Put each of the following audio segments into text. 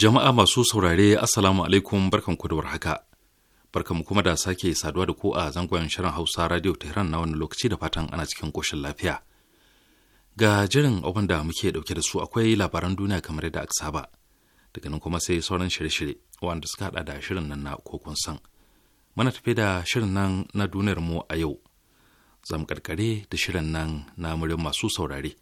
Jama'a masu saurare Assalamu alaikum barkan ku da warhaka. Barkan mu kuma da sake saduwa da ku a zangon shirin Hausa Radio Tehran na wani lokaci da fatan ana cikin koshin lafiya. Ga jirin abin da muke dauke da su akwai labaran duniya kamar yadda aka saba. Daga nan kuma sai sauran shirye-shirye wanda suka hada da shirin nan na kokon san. Muna tafi da shirin nan na duniyar mu a yau. Zamu karkare da shirin nan na murin masu saurare.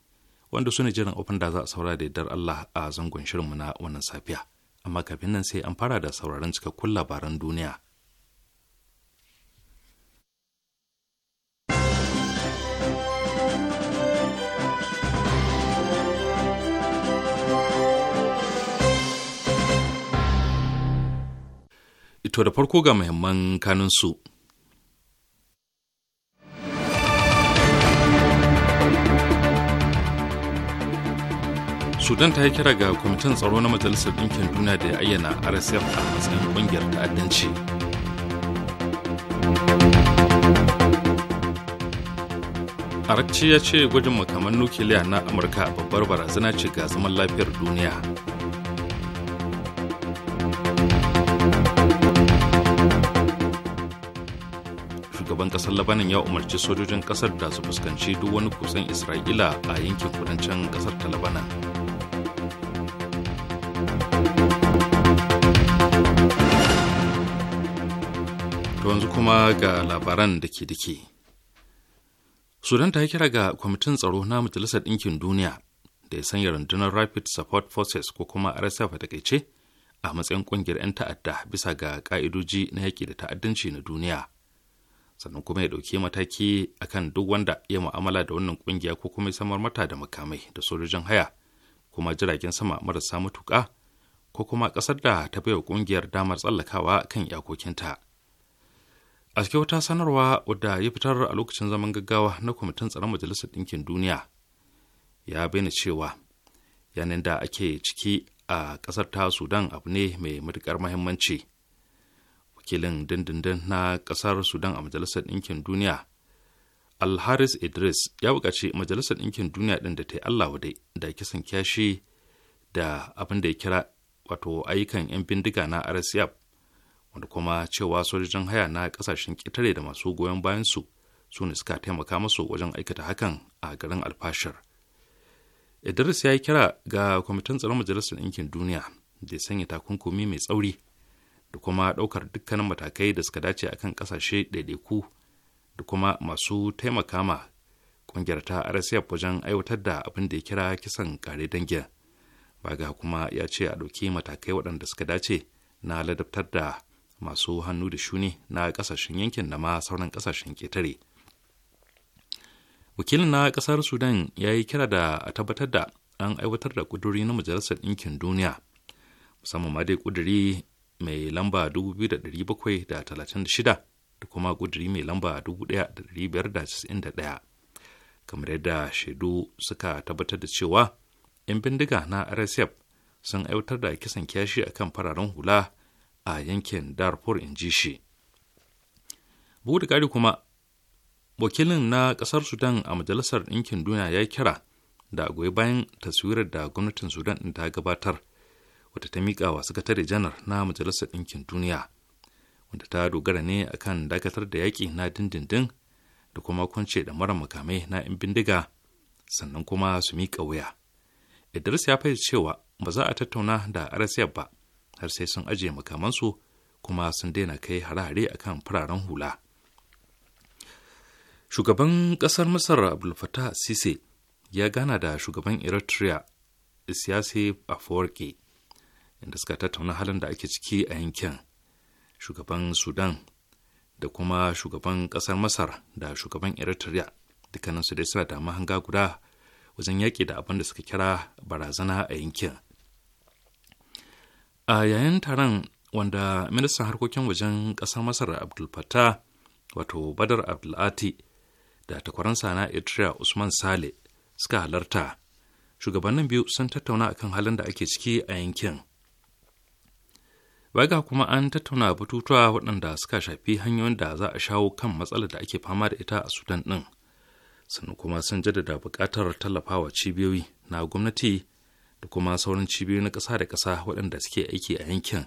wanda su ne jiran abin da za a saura da yardar Allah a zangon shirinmu na wannan safiya. Amma kafin nan sai an fara da sauraron cikakkun labaran duniya. Ito da farko ga muhimman kanunsu. su. sudan ta yi kira ga kwamitin tsaro na majalisar ɗinkin duniya da ya ayyana rsf a matsayin ƙungiyar ta'addanci arakci ya ce gwajin makaman nukiliya na amurka babbar barazana ce ga zaman lafiyar duniya shugaban kasar labanin ya umarci sojojin kasar da su fuskanci duk wani kusan isra'ila a yankin kudancin kasar ta labanan wanzu kuma ga labaran da ke dake. Sudan ta yi kira ga kwamitin tsaro na Majalisar Ɗinkin Duniya da ya sanya rundunar Rapid Support Forces ko kuma RSF a takaice a matsayin ƙungiyar 'yan ta'adda bisa ga ƙa'idoji na yaƙi da ta'addanci na duniya. Sannan kuma ya ɗauki mataki akan duk wanda ya mu'amala da wannan ƙungiya ko kuma ya samar mata da makamai da sojojin haya kuma jiragen sama marasa matuƙa ko kuma ƙasar da ta baiwa ƙungiyar damar tsallakawa kan iyakokinta. a cikin wata sanarwa wadda ya fitar a lokacin zaman gaggawa na kwamitin tsaron majalisar ɗinkin duniya ya bayyana cewa yanayin da ake ciki a ƙasar ta sudan abu ne mai matuƙar mahimmanci wakilin dindindin na ƙasar sudan a majalisar ɗinkin duniya alharis idris ya buƙaci majalisar ɗinkin duniya ɗin da ta yi allah wadai da kisan kyashi da abin da ya kira wato ayyukan 'yan bindiga na rsf wanda kuma cewa sojojin haya na kasashen ƙetare da masu goyon bayansu su ne suka taimaka masu wajen aikata hakan a garin alfashar idris ya yi kira ga kwamitin tsaron majalisar ɗinkin duniya da ya sanya takunkumi mai tsauri da kuma ɗaukar dukkanin matakai da suka dace akan ƙasashe ɗaiɗaiku da kuma masu taimaka ma ƙungiyar ta rsf wajen aiwatar da abin da ya kira kisan kare dangin baga kuma ya ce a ɗauki matakai waɗanda suka dace na ladabtar da masu hannu da shuni na kasashen yankin da ma sauran kasashen ketare wakilin na kasar sudan ya yi kira da a tabbatar da an aiwatar da kuduri na majalisar ɗinkin duniya musamman ma dai kuduri mai lamba 2736 da kuma kuduri mai lamba 1591 kamar yadda shaidu suka tabbatar da cewa 'yan bindiga na rsf sun aiwatar da kisan kyashi akan fararen hula a yankin darfur in ji shi bugu da ƙari kuma wakilin na ƙasar sudan a majalisar ɗinkin duniya ya kira da goyi bayan taswirar da gwamnatin sudan ɗin ta gabatar wata ta miƙa wa sakatare janar na majalisar ɗinkin duniya wanda ta dogara ne akan dakatar da yaƙi na dindindin da kuma kwance da mara makamai na 'yan bindiga sannan kuma su miƙa wuya idris ya fahimci cewa ba za a tattauna da arasiyar ba har sai sun ajiye makamansu kuma sun daina kai harare hare kan fararen hula shugaban ƙasar masar abulfata sise ya gana da shugaban eritrea siyasi forke inda suka tattauna halin da ake ciki a yankin shugaban sudan da kuma shugaban ƙasar masar da shugaban eritrea dukkaninsu dai suna da mahanga guda wajen yaƙi da abin da suka kira barazana a yankin a yayin taron wanda ministan harkokin wajen ƙasar masar abdul wato badar abdulati da takwaransa na eritrea usman sale suka halarta shugabannin biyu sun tattauna akan halin da ake ciki a yankin baga kuma an tattauna batutuwa waɗanda suka shafi hanyoyin da za a shawo kan matsalar da ake fama da ita a sudan ɗin sannan kuma sun jaddada buƙatar tallafawa cibiyoyi na gwamnati da kuma sauran cibiyoyi na ƙasa da ƙasa waɗanda suke aiki a yankin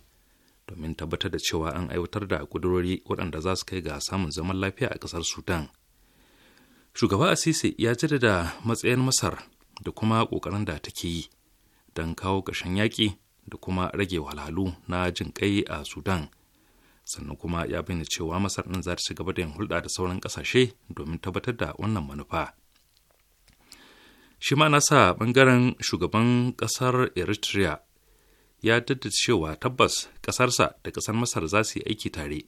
domin tabbatar da cewa an aiwatar da ƙudurori waɗanda za su kai ga samun zaman lafiya a ƙasar sudan shugaba asisi ya da matsayin masar da kuma ƙoƙarin da take yi don kawo ƙarshen yaƙi da kuma rage wahalhalu na jin ƙai a sudan sannan kuma ya bayyana cewa masar ɗin za ta ci gaba da yin hulɗa da sauran ƙasashe domin tabbatar da wannan manufa. shi ma nasa bangaren shugaban kasar eritrea ya daddada cewa tabbas kasarsa da kasar masar za su yi aiki tare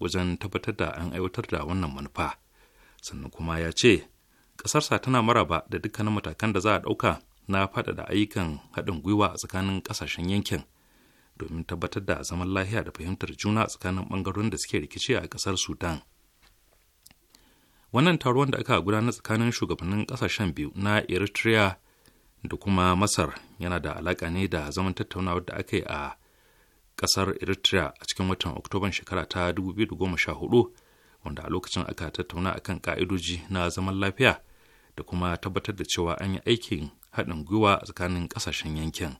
wajen tabbatar da an aiwatar da wannan manufa sannan kuma ya ce kasarsa tana maraba da dukkanin matakan da za a ɗauka na faɗaɗa ayyukan haɗin gwiwa a tsakanin ƙasashen yankin domin tabbatar da zaman lahiya da fahimtar juna a tsakanin ɓangarorin da suke rikici a ƙasar sudan wannan taron da aka gudanar tsakanin shugabannin kasashen biyu na eritrea da kuma masar yana da alaka ne da zaman tattaunawar da aka yi a ƙasar eritrea a cikin watan oktoban shekara ta 2014 wanda a lokacin aka tattauna kan ka'idoji na zaman lafiya da kuma tabbatar da cewa an yi aikin haɗin gwiwa tsakanin ƙasashen yankin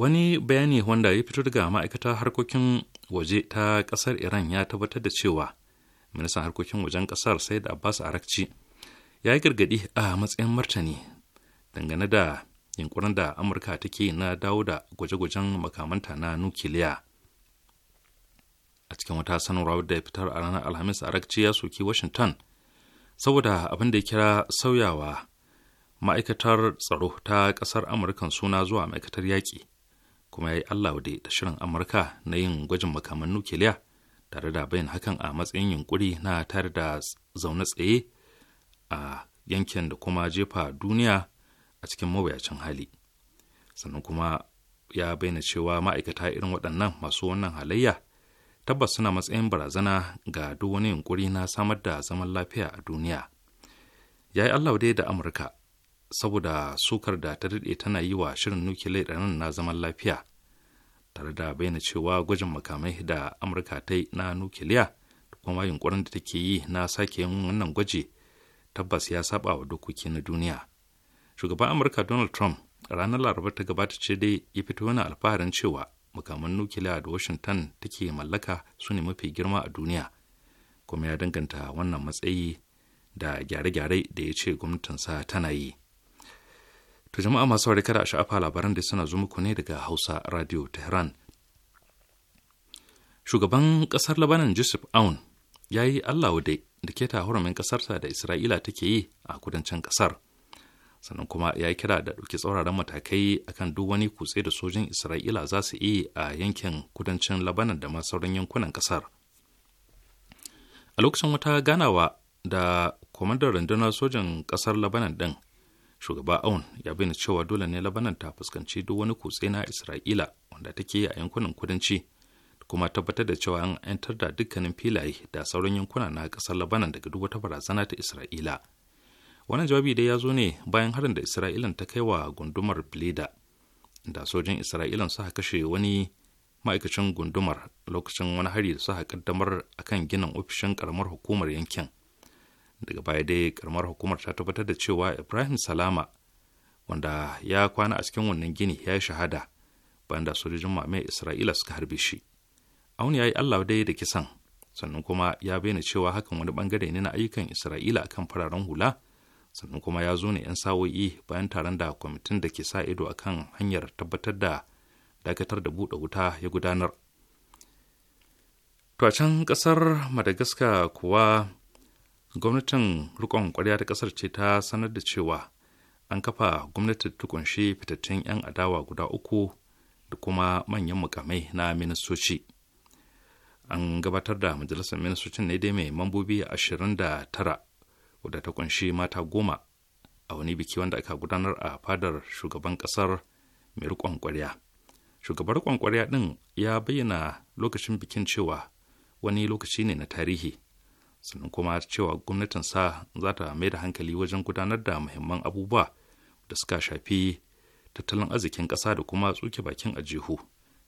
wani bayani wanda ya fito daga ma'aikatar harkokin waje ta kasar iran ya tabbatar da cewa ministan harkokin wajen kasar sai da abbas arakci ya yi gargadi a matsayin martani dangane da yunkurin da amurka take na dawo da gwaje-gwajen makamanta na nukiliya a cikin wata sanarwa da ya fitar a ranar alhamis arakci ya soki washington saboda abin da ya kira sauyawa ma'aikatar tsaro ta kasar amurkan suna zuwa ma'aikatar yaƙi kuma ya yi Allah wade da shirin Amurka na yin gwajin makaman nukiliya tare da bayan hakan a matsayin yunkuri na tare da zaune tsaye a yankin da kuma jefa duniya a cikin mawuyacin hali sannan kuma ya bayyana cewa ma'aikata irin waɗannan masu wannan halayya tabbas suna matsayin barazana ga duk wani yunkuri na samar da zaman lafiya a duniya ya yi allah da amurka saboda sukar da ta daɗe tana yi wa shirin nukiliya nan na zaman lafiya tare da bayyana cewa gwajin makamai da amurka ta yi na nukiliya da kuma yunkurin da take yi na sake yin wannan gwaji tabbas ya saba wa dokoki na duniya shugaban amurka donald trump ranar laraba ta gabata ce dai ya fito wani alfaharin cewa makaman nukiliya da washington take mallaka su ne mafi girma a duniya kuma ya danganta wannan matsayi da gyare-gyare da ya ce gwamnatinsa tana yi To jama'a masu saurari kada a sha'afa labaran da suna zo ne daga Hausa Radio Tehran. Shugaban kasar Labanan Joseph Aoun ya yi Allah wade da ke tahuramin kasarsa da Isra'ila take yi a kudancin kasar Sannan kuma ya yi kira da ɗauki tsauraran matakai akan duk wani kutse da sojin Isra'ila za su yi a yankin kudancin Labanan da ma sauran yankunan kasar A lokacin wata ganawa da kwamandan rundunar sojin kasar Labanan ɗin shugaba aun ya bayyana cewa dole ne labanan ta fuskanci duk wani kutse na isra'ila wanda take a yankunan kudanci kuma tabbatar da cewa an 'yantar da dukkanin filaye da sauran yankuna na kasar labanan daga duk wata barazana ta isra'ila wannan jawabi dai ya zo ne bayan harin da isra'ilan ta kai wa gundumar bleda da sojin isra'ilan suka kashe wani ma'aikacin gundumar lokacin wani hari da suka kaddamar akan ginin ofishin karamar hukumar yankin daga baya dai karamar hukumar ta tabbatar da cewa ibrahim salama wanda ya kwana a cikin wannan gini ya yi shahada bayan da sojojin mamaye isra'ila suka harbe shi auni ya yi allah dai da kisan sannan kuma ya bayyana cewa hakan wani bangare ne na ayyukan isra'ila akan fararen hula sannan kuma ya zo ne 'yan sawo'i bayan taron da kwamitin da ke sa ido akan hanyar tabbatar da dakatar da buɗe wuta ya gudanar to a can ƙasar madagascar kuwa gwamnatin rikon kwarya ta kasar ce ta sanar da cewa an kafa gwamnatin tukunshi fitattun 'yan adawa guda uku da kuma manyan mukamai na ministoci an gabatar da majalisar ministocin ne dai mai mambobi 29 wadda ta kunshi mata goma a wani biki wanda aka gudanar a fadar shugaban kasar mai rikon kwarya shugaban rikon kwarya din ya bayyana lokacin bikin cewa wani lokaci ne na tarihi sannan kuma cewa gwamnatinsa za ta mai da hankali wajen gudanar da muhimman abubuwa da suka shafi tattalin arzikin ƙasa da kuma tsuke bakin ajihu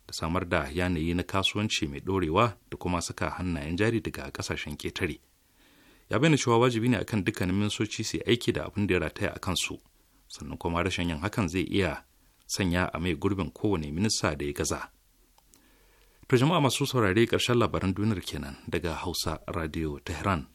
da samar da yanayi na kasuwanci mai dorewa da kuma saka hannayen jari daga ƙasashen ketare ya bayyana cewa wajibi ne akan dukkanin minsoci su aiki da abin da ya rataya a kansu sannan kuma rashin yin hakan zai iya sanya a mai gurbin kowane minista da ya gaza To jama'a masu saurare karshen labaran duniyar kenan daga Hausa Radio Tehran.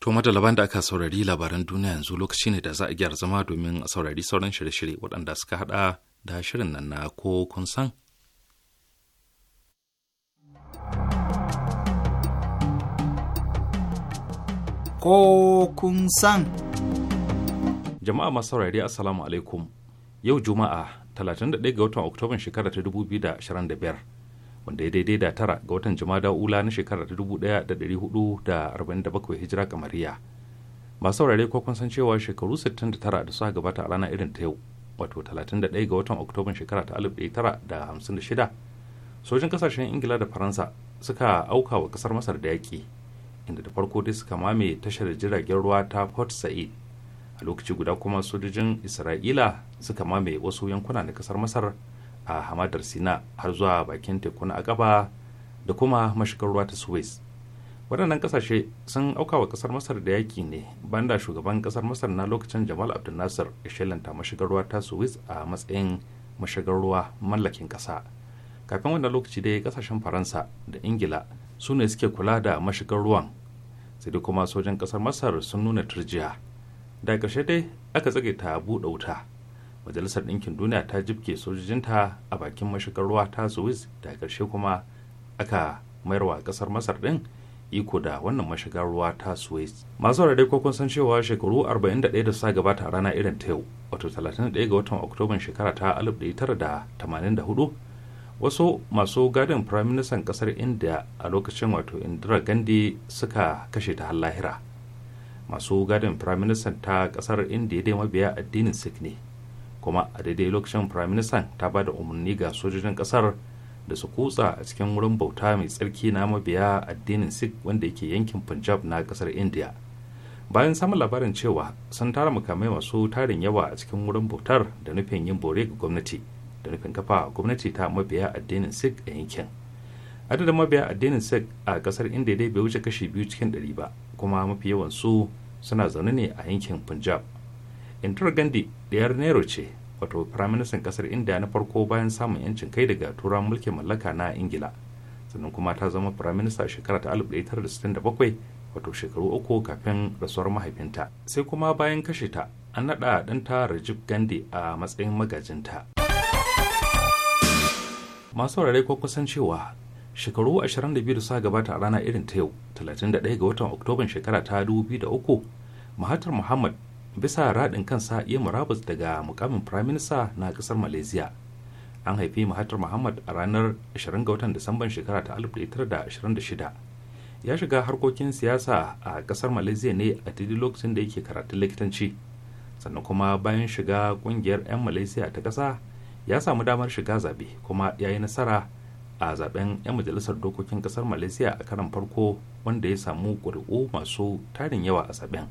To madalaban da aka saurari labaran duniya yanzu lokaci ne da za a gyara zama domin a saurari sauran shirye-shirye waɗanda suka haɗa da shirin nan na ko kun san ko kun san. Jama'a masu saurari Assalamu alaikum. Yau Juma'a 31 ga watan Oktoban shekara ta 2025 wanda ya daidai da tara ga watan Jumada Ula na shekara ta 1447 Hijira kamariya. Masu saurari ko kun san cewa shekaru 69 da suka gabata a rana irin ta yau wato 31 ga watan Oktoban shekara ta 1956 sojin kasashen Ingila da Faransa suka auka wa kasar Masar da yaƙi inda da farko dai suka mame tashar jiragen ruwa ta port said a lokaci guda kuma sojojin isra'ila suka mame wasu yankuna na kasar masar a hamadar sina har zuwa bakin teku na akaba da kuma mashigar ruwa ta suez waɗannan ƙasashe sun auka wa ƙasar masar da yaki ne banda shugaban ƙasar masar na lokacin jamal abdul nasir ya shelanta mashigar ruwa ta suez a matsayin mashigar ruwa mallakin ƙasa kafin wannan lokaci dai ƙasashen faransa da ingila su ne suke kula da mashigar ruwan sai da kuma sojan kasar masar sun nuna turjiya da ƙarshe dai aka tsage ta buɗe wuta majalisar ɗinkin duniya ta jibke sojojinta a bakin mashigar ruwa ta suwis da ƙarshe kuma aka mayarwa ƙasar masar ɗin iko da wannan mashigar ruwa ta suwis. masu rarrai ko kun san cewa shekaru 41 da sa gabata rana irin ta yau wato 31 ga watan oktoban shekara ta 1984 wasu masu gadin firaministan kasar india a lokacin wato indira gandhi suka kashe ta lahira masu gadin firaministan ta kasar india dai mabiya addinin sikh ne kuma a daidai lokacin firaministan ta ba da umarni ga sojojin kasar da su kutsa a cikin wurin bauta mai tsarki na mabiya addinin sikh wanda yake yankin punjab na kasar india bayan samun labarin cewa sun tara makamai masu tarin yawa a cikin wurin bautar da nufin yin bore ga gwamnati da rufin kafa gwamnati ta mabiya addinin sikh a yankin adadin mabiya addinin sikh a kasar india dai bai wuce kashi biyu cikin ɗari ba kuma mafi yawan su suna zaune ne a yankin punjab indira gandhi ɗayar nero ce wato firaministan kasar india na farko bayan samun yancin kai daga turan mulkin mallaka na ingila sannan kuma ta zama firaminista shekara ta 1967 wato shekaru uku kafin rasuwar mahaifinta sai kuma bayan kashe ta an naɗa ɗanta rajib gandhi a matsayin magajinta masu saurare ko kusan cewa shekaru 22 da sa gabata a rana irin ta yau 31 ga watan oktoban shekara ta 2003 mahatar muhammad bisa raɗin kansa iya murabus daga mukamin firaminista na kasar malaysia an haifi mahatar muhammad a ranar 20 ga watan disamban shekara ta 1926 ya shiga harkokin siyasa a ƙasar malaysia ne a daidai lokacin da yake karatun likitanci sannan kuma bayan shiga ƙungiyar 'yan malaysia ta ƙasa ya samu damar shiga zabe kuma ya yi nasara a zaben 'yan majalisar dokokin kasar malaysia a karan farko wanda ya samu ƙuri'u masu tarin yawa a zaben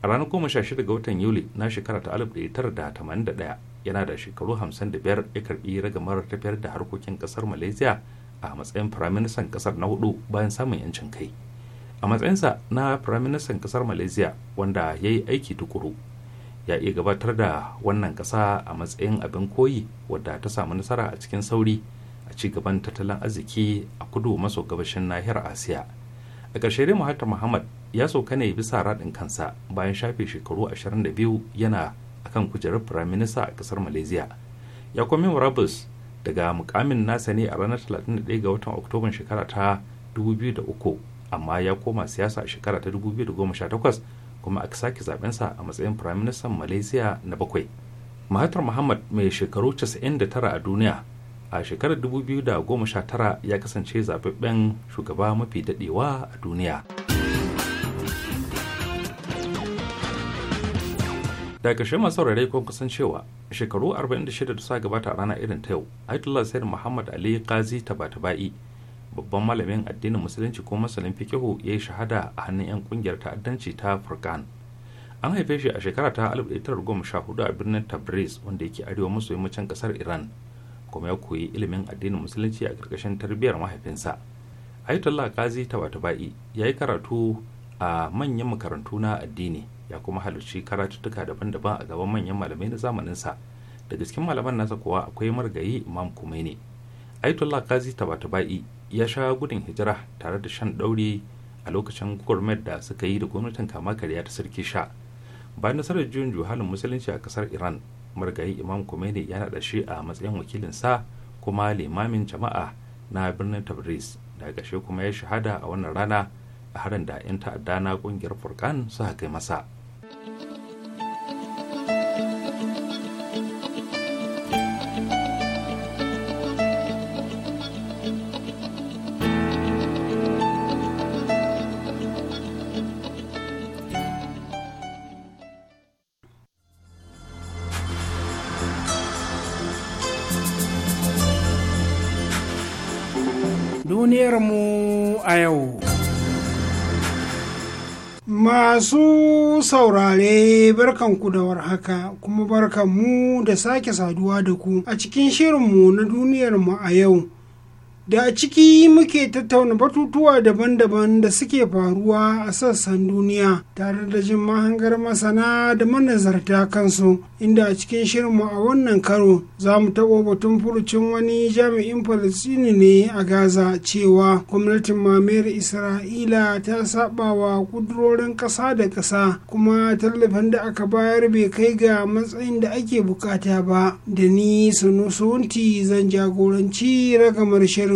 a ranar shida ga watan yuli na shekara ta ɗaya yana da shekaru hamsin da biyar ya karɓi ragamar tafiyar da harkokin kasar malaysia a matsayin firaministan kasar na hudu bayan samun yancin kai a matsayinsa na firaministan kasar malaysia wanda ya yi aiki tukuru ya iya gabatar da wannan ƙasa a matsayin abin koyi wadda ta samu nasara a cikin sauri a ci gaban tattalin arziki a kudu maso gabashin nahiyar asiya a ƙarshe dai mahatta muhammad ya sauka ne bisa raɗin kansa bayan shafe shekaru 22 yana a kan kujerar firaminista a ƙasar malaysia ya kwami murabus daga mukamin nasa ne a ranar 31 ga watan oktoban shekara ta 2003 amma ya koma siyasa a shekara ta 2018 kuma aka sake zabensa a matsayin prime minister malaysia na bakwai mahatar muhammad mai shekaru 99 a duniya a shekarar 2019 ya kasance zababben shugaba mafi dadewa a duniya da ƙarshe masu saurare ko kusan cewa shekaru 46 da suka gabata a rana irin ta yau aitullah Sayyid Muhammad Ali Qazi Tabatabai babban malamin addinin musulunci ko masanin fikihu ya yi shahada a hannun 'yan kungiyar ta'addanci ta furkan an haife shi a shekara ta 1914 a birnin tabriz wanda yake arewa maso yammacin kasar iran kuma ya koyi ilimin addinin musulunci a karkashin tarbiyyar mahaifinsa ayatollah kazi tabatabai ya yi karatu a manyan makarantu na addini ya kuma halarci karatuttuka daban-daban a gaban manyan malamai na zamaninsa da cikin malaman nasa kuwa akwai margayi imam kumaini ayatollah kazi tabatabai ya sha gudun hijira tare da shan ɗauri a lokacin gwamnati da suka yi da gwamnatin kama karya ta sarki sha bayan nasarar juyin juhalin musulunci a kasar iran margayi imam khomeini ya naɗa shi a matsayin wakilin sa kuma limamin jama'a na birnin tabriz da ƙarshe kuma ya shahada a wannan rana a harin da 'yan ta'adda na ƙungiyar furkan suka kai masa mu a yau. Masu saurare barkanku da haka kuma barkan mu da sake saduwa da ku a cikin shirinmu na duniyarmu a yau. da a ciki muke tattauna batutuwa daban-daban da suke faruwa a sassan duniya tare da jin mahangar masana da manazarta kansu inda a cikin shirinmu a wannan karo za mu taɓo batun furucin wani jami'in falistini ne a gaza cewa gwamnatin mamayar isra'ila ta saba wa kudurorin ƙasa da ƙasa kuma tallafin da aka bayar bai kai ga matsayin da ake bukata ba da ni sanusunti zan jagoranci ragamar shirin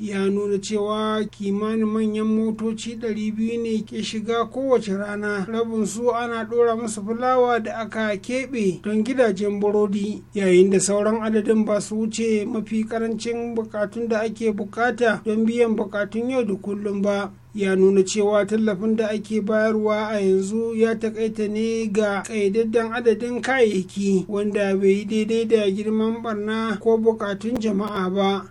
ya nuna cewa kimanin manyan motoci 200 ne ke shiga kowace rana rabin su ana ɗora musu fulawa da aka keɓe don gidajen burodi yayin da sauran adadin ba su wuce mafi karancin bukatun da ake bukata don biyan bukatun yau da kullum ba ya nuna cewa tallafin da ake bayarwa a yanzu ya takaita ne ga kaidaddan adadin kayayyaki wanda bai yi daidai da girman barna ko bukatun jama'a ba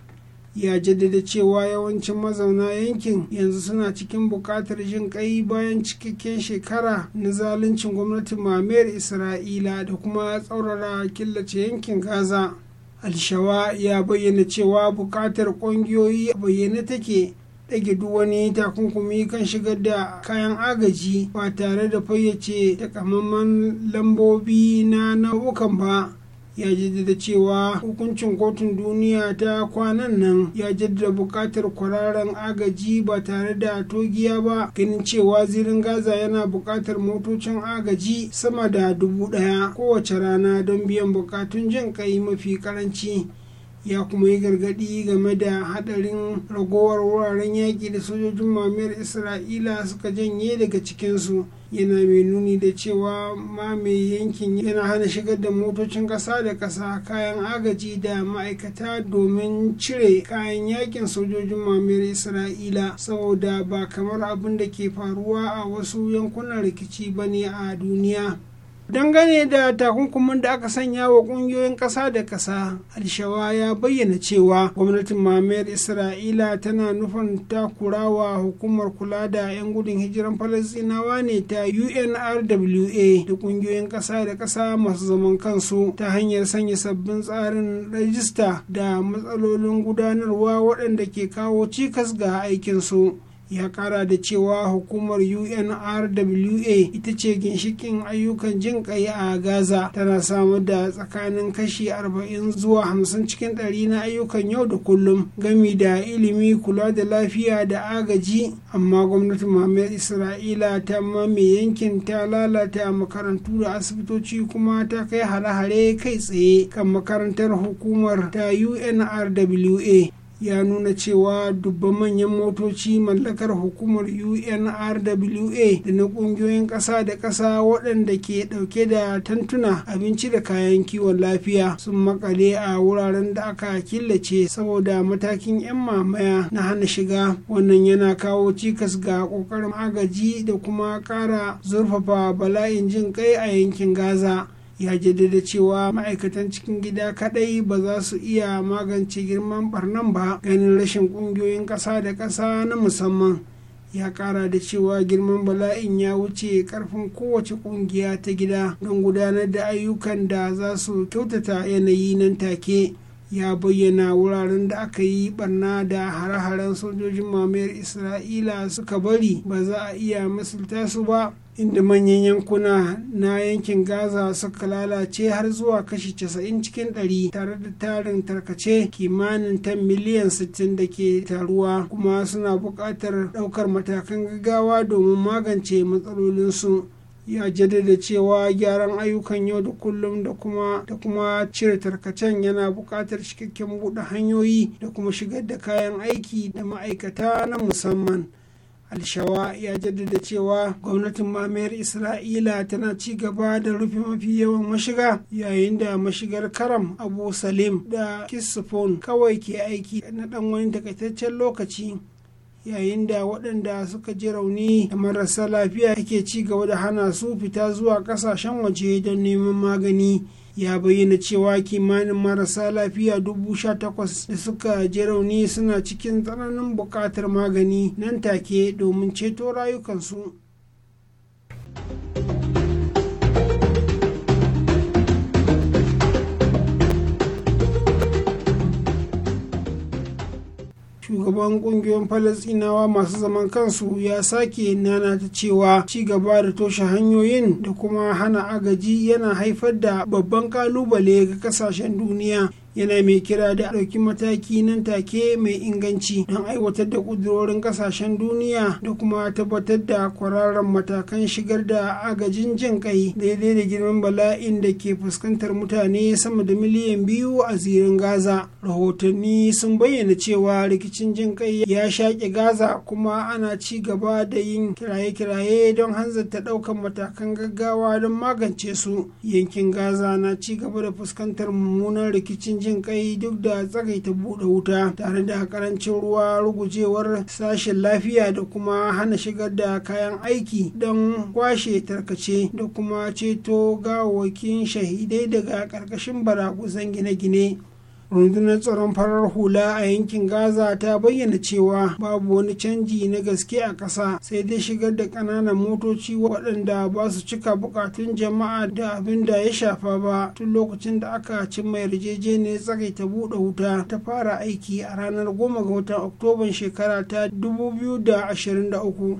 ya jaddada cewa yawancin mazauna yankin yanzu suna cikin buƙatar jin ƙai bayan cikakken shekara na zaluncin gwamnatin mamayar isra'ila da kuma tsaurara killace yankin gaza alshawa ya bayyana cewa buƙatar ƙungiyoyi bayyane take ɗage duk wani takunkumi kan shigar da kayan agaji ba tare da fayyace takamaiman lambobi na nau'ukan ba ya jaddada cewa hukuncin kotun duniya ta kwanan nan ya jaddada buƙatar kwararren agaji ba tare da togiya ba ganin cewa zirin gaza yana buƙatar motocin agaji sama da dubu ɗaya kowace rana don biyan buƙatun jin ƙai mafi ƙaranci ya kuma yi gargadi game da haɗarin ragowar wuraren yaƙi da sojojin mamayar isra'ila suka janye daga cikinsu. yana mai nuni da cewa ma mai yankin yana hana shigar da motocin ƙasa da ƙasa kayan agaji da ma'aikata domin cire kayan yakin sojojin mamayar isra'ila saboda ba kamar abin da ke faruwa a wasu yankunan rikici ba ne a duniya dangane da takunkumin da aka sanya wa ƙungiyoyin ƙasa da ƙasa alshawa ya bayyana cewa gwamnatin mamayar isra'ila tana nufin takurawa hukumar kula da 'yan gudun hijiran falasinawa ne ta unrwa da ƙungiyoyin ƙasa da ƙasa masu zaman kansu ta hanyar sanya sabbin tsarin rajista da matsalolin gudanarwa waɗanda ke kawo cikas ga aikinsu ya kara da cewa hukumar unrwa ita ce ginshikin ayyukan jin kai a gaza tana samar da tsakanin kashi 40 zuwa 50 cikin ɗari na ayyukan yau da kullum gami da ilimi kula da lafiya da agaji amma gwamnatin muhammad isra'ila ta mame yankin ta lalata makarantu da asibitoci kuma ta kai hare-hare kai tsaye kan makarantar hukumar ta unrwa ya nuna cewa dubban manyan motoci mallakar hukumar unrwa da na kungiyoyin ƙasa da ƙasa waɗanda ke ɗauke da tantuna abinci da kayan kiwon lafiya sun makale a wuraren da aka killace saboda matakin 'yan mamaya na hana shiga wannan yana kawo cikas ga ƙoƙarin agaji da kuma ƙara zurfafa bala'in jin kai a yankin gaza ya jaddada cewa ma'aikatan cikin gida kadai ba za su iya magance girman barnan ba ganin rashin kungiyoyin ƙasa da ƙasa na musamman ya kara da cewa girman bala'in ya wuce karfin kowace kungiya ta gida don gudanar da ayyukan da za su kyautata yanayi nan take ya bayyana wuraren da aka yi barna da hare-haren sojojin mamayar isra'ila suka bari ba za a iya misalta su ba inda manyan yankuna na yankin gaza suka lalace har zuwa kashi 90 cikin 100 tare da tarin tarkace kimanin 10 miliyan 60 da ke taruwa kuma suna buƙatar ɗaukar matakan gaggawa domin magance matsalolinsu ya jaddada cewa gyaran ayyukan yau da kullum da kuma da kuma cire tarkacen yana buƙatar cikakken buɗe hanyoyi da kuma shigar da kayan aiki da ma'aikata na musamman alshawa ya jaddada cewa gwamnatin mamayar isra'ila tana ci gaba da rufe mafi yawan mashiga yayin da mashigar karam abu salim da kisifon kawai ke aiki na dan wani takaitaccen lokaci yayin da waɗanda suka ji rauni da marasa lafiya ke ci gaba da hana su fita zuwa ƙasashen waje don neman magani ya bayyana cewa kimanin marasa lafiya dubu sha takwas da suka je rauni suna cikin tsananin buƙatar magani nan take domin ceto rayukansu. shugaban kungiyoyin falasinawa masu zaman kansu ya sake nana ta cewa ci gaba da toshe hanyoyin da kuma hana agaji yana haifar da babban kalubale ga kasashen duniya yana mai kira da ɗauki mataki nan take mai inganci don aiwatar da ƙudurorin ƙasashen duniya da kuma tabbatar da kwararren matakan shigar da agajin jin kai daidai da girman bala'in da ke fuskantar mutane sama da miliyan biyu a zirin gaza rahotanni sun bayyana cewa rikicin jin kai ya shaƙe gaza kuma ana ci gaba da yin kiraye-kiraye don hanzarta ɗaukar matakan gaggawa don magance su yankin gaza na ci gaba da fuskantar mummunan rikicin jin kai duk da ta buɗe wuta tare da karancin ruwa rugujewar sashen lafiya da kuma hana shigar da kayan aiki don kwashe tarkace da kuma ceto gawakin shahidai daga ƙarƙashin barakuzan gine-gine rundunar tsaron farar hula a yankin gaza ta bayyana cewa babu wani canji na gaske a ƙasa sai dai shigar da ƙananan motoci waɗanda ba su cika buƙatun jama'a da abin da ya shafa ba tun lokacin da aka mai yarjejeniyar tsakai ta buɗe wuta ta fara aiki a ranar 10 ga watan oktoban shekara ta 2023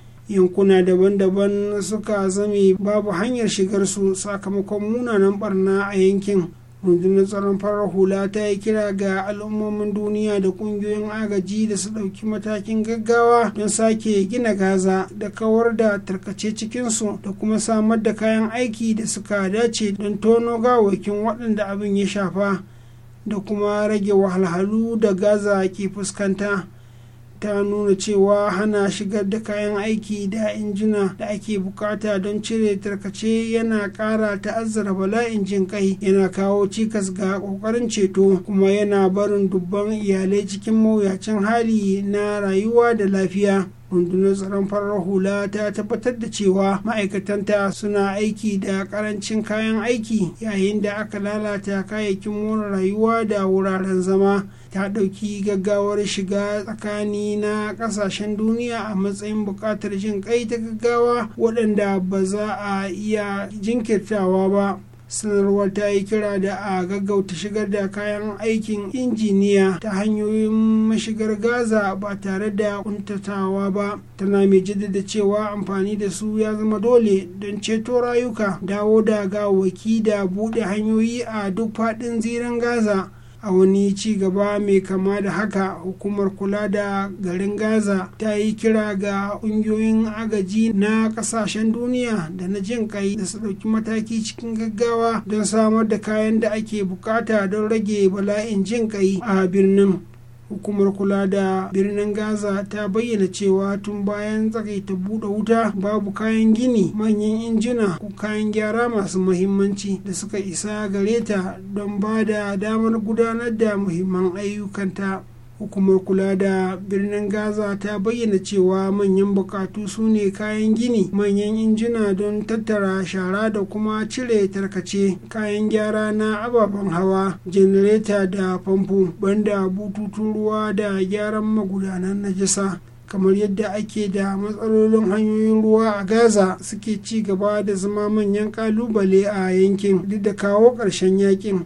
yankuna daban-daban suka zame babu hanyar shigar su sakamakon munanan barna a yankin rundunar tsaron farar hula ta yi kira ga al'ummomin duniya da kungiyoyin agaji da su ɗauki matakin gaggawa don sake gina gaza da kawar da tarkace cikinsu da kuma samar da kayan aiki da suka dace don tono gawakin waɗanda abin ya shafa da kuma rage wahalhalu da gaza ke fuskanta. ta nuna cewa hana shigar da kayan aiki da injina da ake bukata don cire tarkace yana kara ta'azzara bala'in jin kai yana kawo cikas ga kokarin ceto kuma yana barin dubban iyalai cikin mawuyacin hali na rayuwa da lafiya rundunar tsaron farar hula ta tabbatar da cewa ma'aikatanta suna aiki da karancin kayan aiki yayin da aka lalata kayayyakin more rayuwa da wuraren zama ta ɗauki gaggawar shiga tsakani na ƙasashen duniya a matsayin buƙatar jin ƙai ta gaggawa waɗanda ba za a iya jinkirtawa ba sanarwar ta yi kira da a gaggauta shigar da kayan aikin injiniya ta hanyoyin mashigar gaza ba tare da kuntatawa ba tana mai jaddada cewa amfani da su ya zama dole don ceto rayuka dawo da gawaki da buɗe hanyoyi a duk faɗin ziren gaza a wani ci gaba mai kama da haka hukumar kula da garin gaza ta yi kira ga ƙungiyoyin agaji na ƙasashen duniya da na jin kai da su ɗauki mataki cikin gaggawa don samar da kayan da ake bukata don rage bala'in jin kai a birnin hukumar kula da birnin gaza ta bayyana cewa tun bayan ta buɗe wuta babu kayan gini manyan injina ko kayan gyara masu mahimmanci da suka isa gare ta don ba da damar gudanar da muhimman ayyukanta hukumar kula da birnin gaza ta bayyana cewa manyan bukatu su ne kayan gini manyan injina don tattara shara da kuma cire tarkace kayan gyara na ababen hawa janareta da famfo banda bututun ruwa da gyaran magudanan najasa kamar yadda ake da matsalolin hanyoyin ruwa a gaza suke ci gaba da zama manyan kalubale a yankin duk da kawo ƙarshen yakin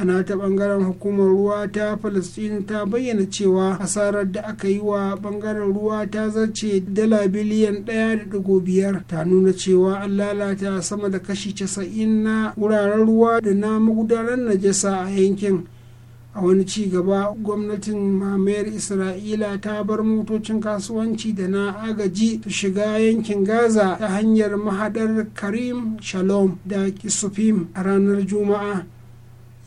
a ta bangaren hukumar ruwa ta palestine ta bayyana cewa asarar da aka yi wa bangaren ruwa ta zarce dala biliyan ɗaya da digo biyar ta nuna cewa an lalata sama da kashi casa'in na wuraren ruwa da na magudanar najasa a yankin a wani ci gaba gwamnatin mamayar isra'ila ta bar motocin kasuwanci da na agaji su shiga yankin gaza ta hanyar mahadar karim shalom da kisufim a ranar juma'a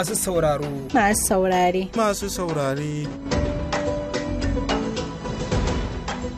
masu sauraro. Masu saurare. Masu saurare.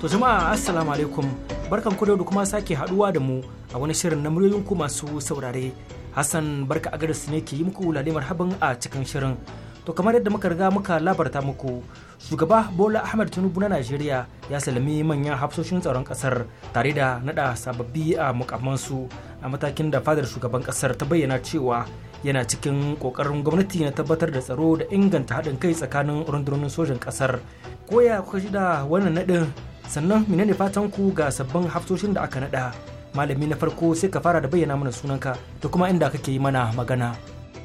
To jama'a assalamu alaikum barkan ku da kuma sake haduwa da mu a wani shirin na muryoyinku masu saurare. Hassan barka agarsu ne ke yi muku lale marhaban a cikin shirin. To kamar yadda muka riga muka labarta muku shugaba Bola Ahmed Tinubu na Najeriya ya salami manyan hafsoshin tsaron kasar tare da nada sababbi a mukammansu a matakin da fadar shugaban kasar ta bayyana cewa yana cikin kokarin gwamnati na tabbatar da tsaro da inganta haɗin kai tsakanin rundunonin sojan ƙasar koya kuka ji da wannan naɗin sannan menene fatan ku ga sabbin haftoshin da aka naɗa malami na farko sai ka fara da bayyana mana sunanka da kuma inda kake yi mana magana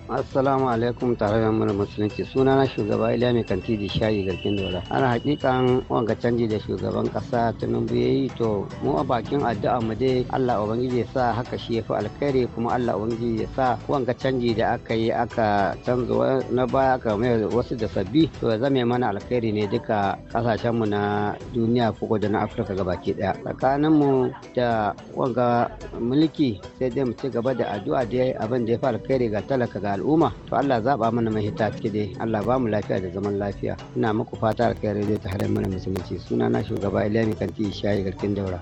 assalamu alaikum tare da mura musulunci suna na shugaba iliya mai kanti da shayi garkin dora ana hakikan wanga canji da shugaban kasa tinubu ya yi to mu a bakin addu'a mu dai allah ubangiji ya sa haka shi ya fi alkhairi kuma allah ubangiji ya sa wanga canji da aka yi aka canza na baya aka mai wasu da sabbi to ya zame mana alkhairi ne duka kasashen mu na duniya ko da na afirka gabaki daya tsakanin mu da wanga mulki sai dai mu ci gaba da addu'a dai abin da ya fi alkhairi ga talaka ga al'umma to Allah zaba mana hita take dai Allah ba mu lafiya da zaman lafiya ina muku fata kai rediyo ta hada mana musulunci suna na shugaba Iliyami Kanti Shayi Garkin Daura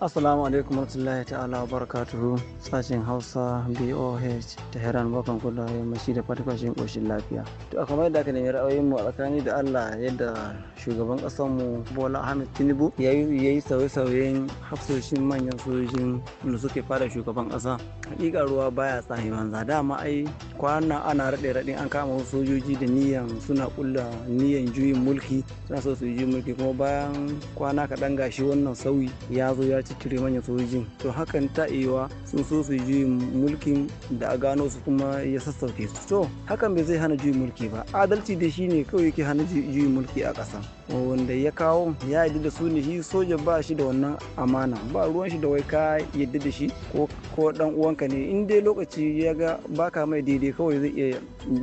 Assalamu alaikum warahmatullahi ta'ala wa barakatuhu sashen Hausa BOH ta Heran bakan kula yammaci da fatakashin ƙoshin lafiya. To a kamar yadda aka nemi ra'ayoyin mu a da Allah yadda shugaban kasar mu Bola Ahmed Tinubu ya yi sauye-sauyen hafsoshin manyan sojojin da suke fara shugaban ƙasa. Hakika ruwa baya tsaye manza dama ai kwana ana raɗe raɗe an kama wasu sojoji da niyan suna kulla niyan juyin mulki suna so su yi juyin mulki kuma bayan kwana kaɗan gashi wannan sauyi ya zo ya su cire manyan sojojin to hakan ta iya sun so su yi mulkin da a gano su kuma ya sassauke su to hakan bai zai hana juyin mulki ba adalci dai shine kawai yake hana juyin mulki a ƙasa wanda ya kawo ya yi da su ne shi soja ba shi da wannan amana ba ruwan shi da wai ka yadda da shi ko dan uwanka ne in dai lokaci ya ga baka mai daidai kawai zai iya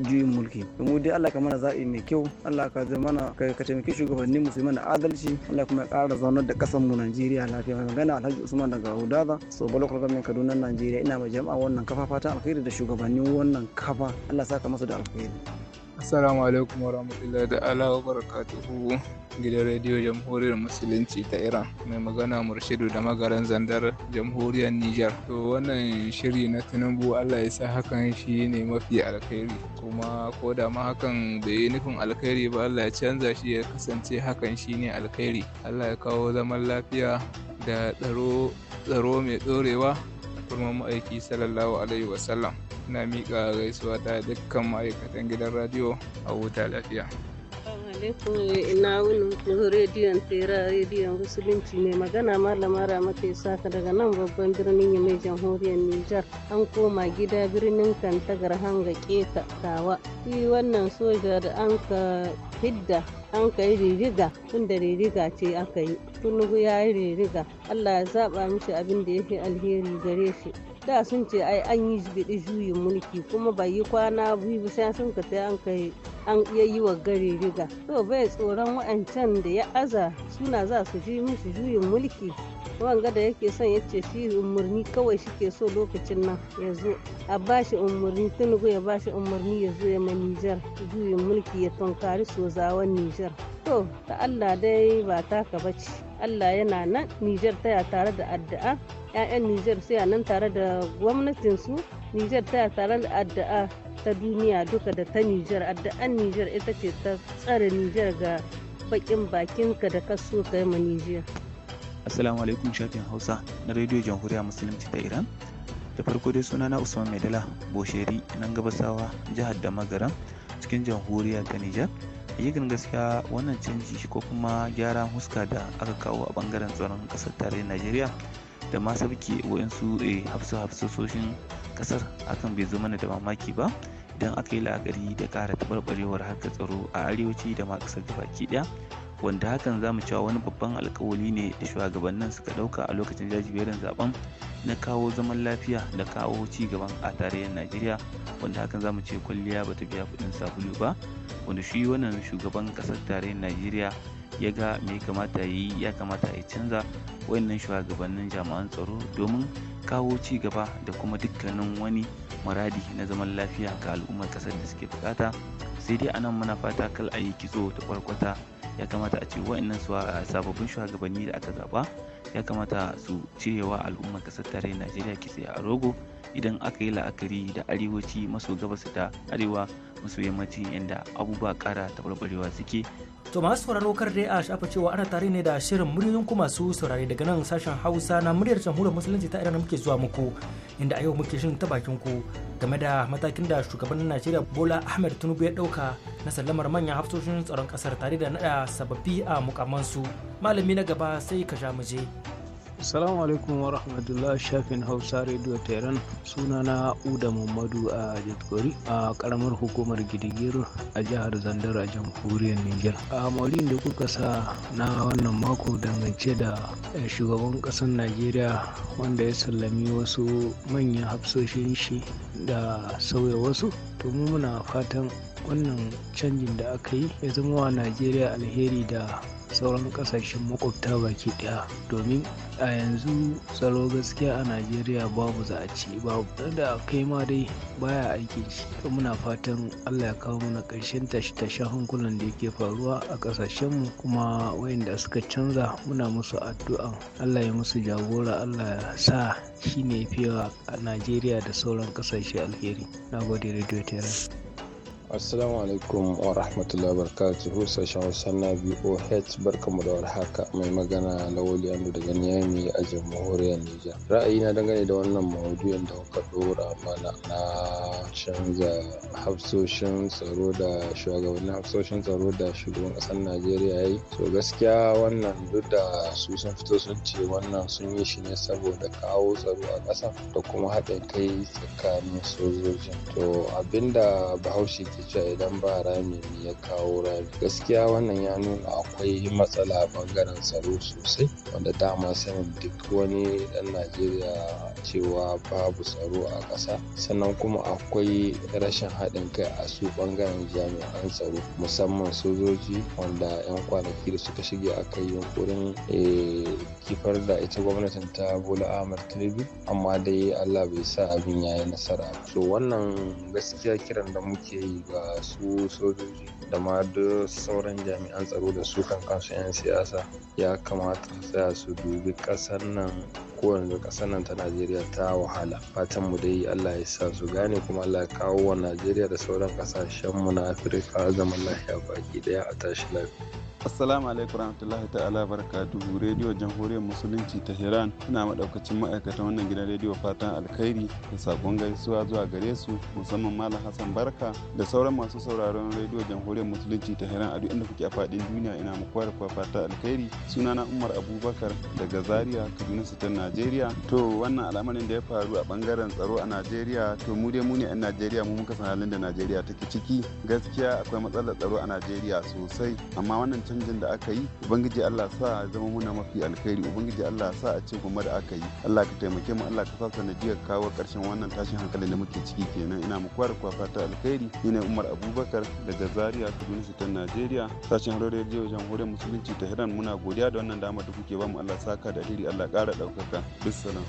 juyin mulki mu dai Allah ka mana zaɓi mai kyau Allah ka zai mana ka taimaki shugabannin musulman da adalci Allah kuma ya ƙara zaunar da ƙasar mu Najeriya lafiya magana Alhaji Usman daga Hudaza so balo kalgamin Kaduna Najeriya ina ma jama'a wannan kafa fatan alkhairi da shugabannin wannan kafa Allah saka masa da alkhairi Assalamu alaikum wa rahmatullahi da ala wa barakatuhu gidan rediyo jamhuriyar musulunci ta Iran mai magana Murshidu da magaran zandar jamhuriyar Nijar. To wannan shiri na Tinubu Allah ya sa hakan shi ne mafi alkhairi kuma ko da ma hakan bai yi nufin alkhairi ba Allah ya canza shi ya kasance hakan shi ne alkhairi. Allah ya kawo zaman lafiya da tsaro mai ɗorewa kuma ma'aiki sallallahu alaihi wasallam. na miƙa gaisuwa ta dukkan ma'aikatan gidan radiyo a huta lafiya. alaikum ina wunin ku rediyon tera rediyon musulunci mai magana malama ramata saka daga nan babban birnin yamai jamhuriyar nijar an koma gida birnin kantagar hanga keta tawa shi wannan soja da an ka hidda an ka yi ririga tunda ririga ce aka yi tunugu ya yi ririga allah ya zaba mishi abin da ya fi alheri gare shi da sun ce ai an yi juyin mulki kuma bai yi kwana biyu sai sun ka sai an kai an iya yi wa gari riga to bai tsoron wa'ancan da ya aza suna za su ji musu juyin mulki wanga da yake son ya ce shi umarni kawai shi ke so lokacin nan ya zo a bashi umarni tunugu ya bashi umarni ya zo ya ma nijar juyin mulki ya tunkari sozawan nijar to ta allah dai ba taka ba ci allah yana nan nijar taya tare da addu'a 'ya'yan nijar suya nan tare da gwamnatinsu nijar taya tare da addu'a ta duniya duka da ta Nijar addu'an Nijar ita ce ta tsare Nijar ga bakin bakinka da kaso ta kai ma Nijar. Assalamu alaikum shafin Hausa na rediyo Jamhuriyar Musulunci ta Iran. Da farko dai suna na Usman Maidala Bosheri nan gabasawa jihar da Magaran cikin jamhuriya ta Nijar. Yakin gaskiya wannan canji ko kuma gyaran huska da aka kawo a bangaren tsaron kasar tarayyar Najeriya da ma sabke wa'insu eh, hafsu hafsososhin kasar akan bai zo mana da mamaki ba idan aka yi la'akari da ƙara taɓarɓarewar harkar tsaro a arewaci da ma ƙasar gabaki ɗaya wanda hakan za mu cewa wani babban alkawali ne da shugabannin suka ɗauka a lokacin jajiberin zaben na kawo zaman lafiya da kawo ci gaban a tarayyar najeriya wanda hakan za mu ce kwalliya ta biya kuɗin sabulu ba wanda shi wannan shugaban ƙasar tarayyar najeriya ya ga me kamata yi ya kamata ya canza wayannan shugabannin jami'an tsaro domin kawo ci gaba da kuma dukkanin wani muradi na zaman lafiya ga al'ummar kasar da suke bukata sai dai anan muna fata kal a yi kitso ta kwarkwata ya kamata a ce wa'annan ah, sababbin shugabanni da aka zaba ya kamata su cirewa al'ummar kasar tare najeriya kitse a rogo idan aka yi la'akari da arewaci maso gabas da arewa maso yammacin inda abubuwa kara tabarbarewa suke To masu sauraro kar dai a shafa cewa ana tare ne da shirin muryoyin ku masu saurare daga nan sashen Hausa na muryar jamhuriyar musulunci ta Iran muke zuwa muku inda a yau muke shirin ta bakin ku game da matakin da shugaban Najeriya Bola Ahmed Tinubu ya dauka na sallamar manyan hafsoshin tsaron kasar tare da nada sababbi a mukamman su. Malami na gaba sai ka sha je. Assalamu alaikum wa rahmatullah shafin Hausa Radio Tehran sunana Uda Muhammadu a Jatkori a karamar hukumar Gidigir a jihar Zandar a jamhuriyar Niger. A maulin da kuka sa na wannan mako dangance da eh, shugaban ƙasar Najeriya wanda ya sallami wasu manyan hafsoshin shi da sauya wasu to mu muna fatan wannan canjin da aka yi ya zama wa Najeriya alheri da sauran kasashen makwabta baki daya domin a yanzu tsaro gaskiya a najeriya babu za a ci babu da kai ma dai baya aiki shi muna fatan allah ya kawo mana ƙarshen tashe-tashen hankulan da yake faruwa a mu kuma wayanda suka canza muna musu addu'an allah ya musu jagora allah ya sa shine ne fiye a najeriya da sauran kasashe alheri na gode radio Assalamu alaikum wa rahmatullahi wa barakatuhu sashen Hausa na BOH barkamu da warhaka mai magana Lawali Ando daga Niyami a jamhuriyar Nijar. Ra'ayina dangane da wannan maudu'in da kuka dora mana na canza hafsoshin tsaro da shugabannin hafsoshin tsaro da shugaban ƙasar Najeriya yayi. To gaskiya wannan duk da su sun fito sun ce wannan sun yi shi ne saboda kawo tsaro a ƙasa da kuma haɗin kai tsakanin sojojin. To abinda Bahaushe ake idan ba rami ne ya kawo rami gaskiya wannan ya nuna akwai matsala a bangaren tsaro sosai wanda dama sanin duk wani dan najeriya cewa babu tsaro a ƙasa sannan kuma akwai rashin haɗin kai a su ɓangaren jami'an tsaro musamman sojoji wanda 'yan kwanaki da suka shige aka yi yunkurin eh, kifar da ita gwamnatin ta bola ahmad tinubu amma dai allah bai sa abin yayi nasara so wannan gaskiya kiran da muke yi ga su sojoji da ma duk sauran jami'an tsaro da su kan kansu 'yan siyasa ya kamata su tsaya su dubi kasar nan kowane kasar nan ta najeriya ta wahala fatan mu dai allah ya sa su gane kuma allah ya kawo wa najeriya da sauran mu na afirka zaman lafiya baki daya a tashi lafiya Assalamu alaikum warahmatullahi ta'ala barakatuhu Radio Jamhuriyar Musulunci ta Iran ina madaukacin ma'aikatan wannan gidan rediyo fatan alkhairi da sakon gaisuwa zuwa gare su musamman Malam Hassan Barka da sauran masu sauraron Radio Jamhuriyar Musulunci ta Iran a duk inda kuke a fadin duniya ina muku warfa fata alkhairi sunana Umar Abubakar daga Zaria Kaduna ta Najeriya to wannan al'amarin da ya faru a bangaren tsaro a Najeriya to mu dai mu ne 'yan Najeriya mu muka san halin da Najeriya take ciki gaskiya akwai matsalar tsaro a Najeriya sosai amma wannan canjin da aka yi ubangiji allah sa a zama muna mafi alkhairi ubangiji allah sa a ce kuma da aka yi allah ka taimake mu allah ka sa sanadiyar kawo karshen wannan tashin hankalin da muke ciki kenan ina mu kwara kwa fata alkhairi ni ne umar abubakar daga zaria su ta najeriya sashen harar rediyo jamhuriyar musulunci ta hiran muna godiya da wannan dama da kuke bamu mu allah saka da hiri allah kara daukaka bisalam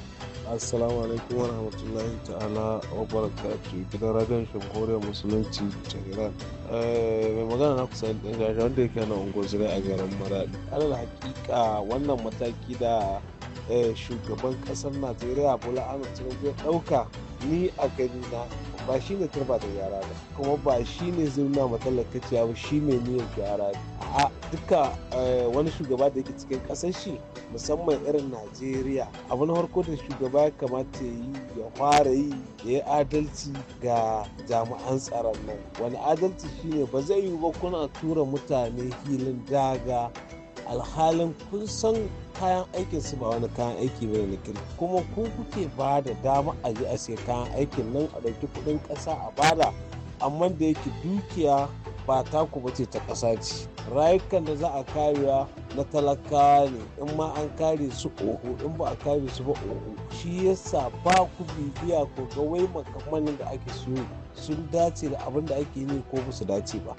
assalamu alaikum wa rahmatullahi ta'ala wa barakatu gidan radiyon jamhuriyar musulunci ta iran eh, mai magana na kusa da gashi wanda yake na ungozire a garin maradi alal hakika wannan mataki da eh, shugaban kasar najeriya bola ahmed tinubu ya dauka ni a gani na ba shi ne turba da gyara ba kuma ba shi ne zurna matalaka ciya ba shi ne niyyar gyara a duka eh, wani shugaba da yake cikin ƙasar shi musamman irin najeriya abu na farko da shugaba ya kamata ya yi ya fara yi ya yi adalci ga jami'an tsaron nan wani adalci shi ne ba zai yi ba kuna tura mutane hilin daga alhalin kun san kayan aikin su ba wani kayan aiki bane na kirki kuma ku kuke ba da dama a je a sayi kayan aikin nan a ɗauki kuɗin ƙasa a bada amma da yake dukiya ba taku bace ta ƙasa ce rayukan da za a karewa na talaka ne in ma an kare su oho in ba a kare su ba oho shi yasa ba ku bibiya ko ga wai makamanin da ake so sun dace da abin da ake yi ko ba su dace ba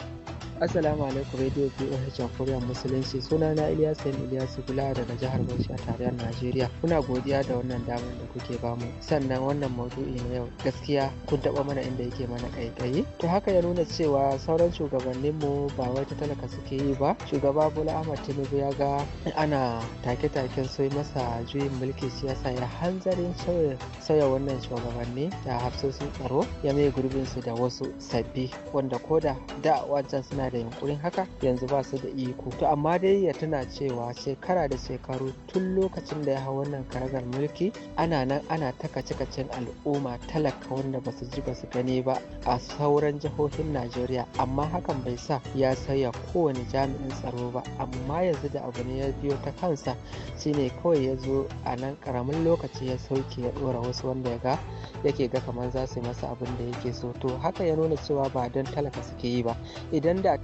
Assalamu alaikum Radio harshen Jamhuriyar Musulunci sunana Ilyasu Ilyasu Gula daga jihar Bauchi a tarayyar Najeriya. kuna godiya da wannan damar da kuke bamu. Sannan wannan maudu'i na yau gaskiya kun taba mana inda yake mana kaikayi. To haka ya nuna cewa sauran shugabannin mu ba wai ta talaka suke yi ba. Shugaba Bola Ahmad Tinubu ya ga ana take-taken soyi masa juyin mulki siyasa ya hanzarin sauya wannan shugabanni da hafsoshin tsaro ya mai gurbin su da wasu sabbi wanda ko da wajen suna da yunkurin haka yanzu ba su da iko to amma dai ya tuna cewa shekara da shekaru tun lokacin da ya hau wannan karagar mulki ana nan ana ta kace-kacen al'umma talaka wanda ba su ji ba su gani ba a sauran jihohin najeriya amma hakan bai sa ya sauya kowane jami'in tsaro ba amma yanzu da abu ne ya biyo ta kansa shine kawai ya zo a nan karamin lokaci ya sauke ya dora wasu wanda ya ga yake ga kamar za su yi masa abin da yake so to haka ya nuna cewa ba don talaka suke yi ba idan da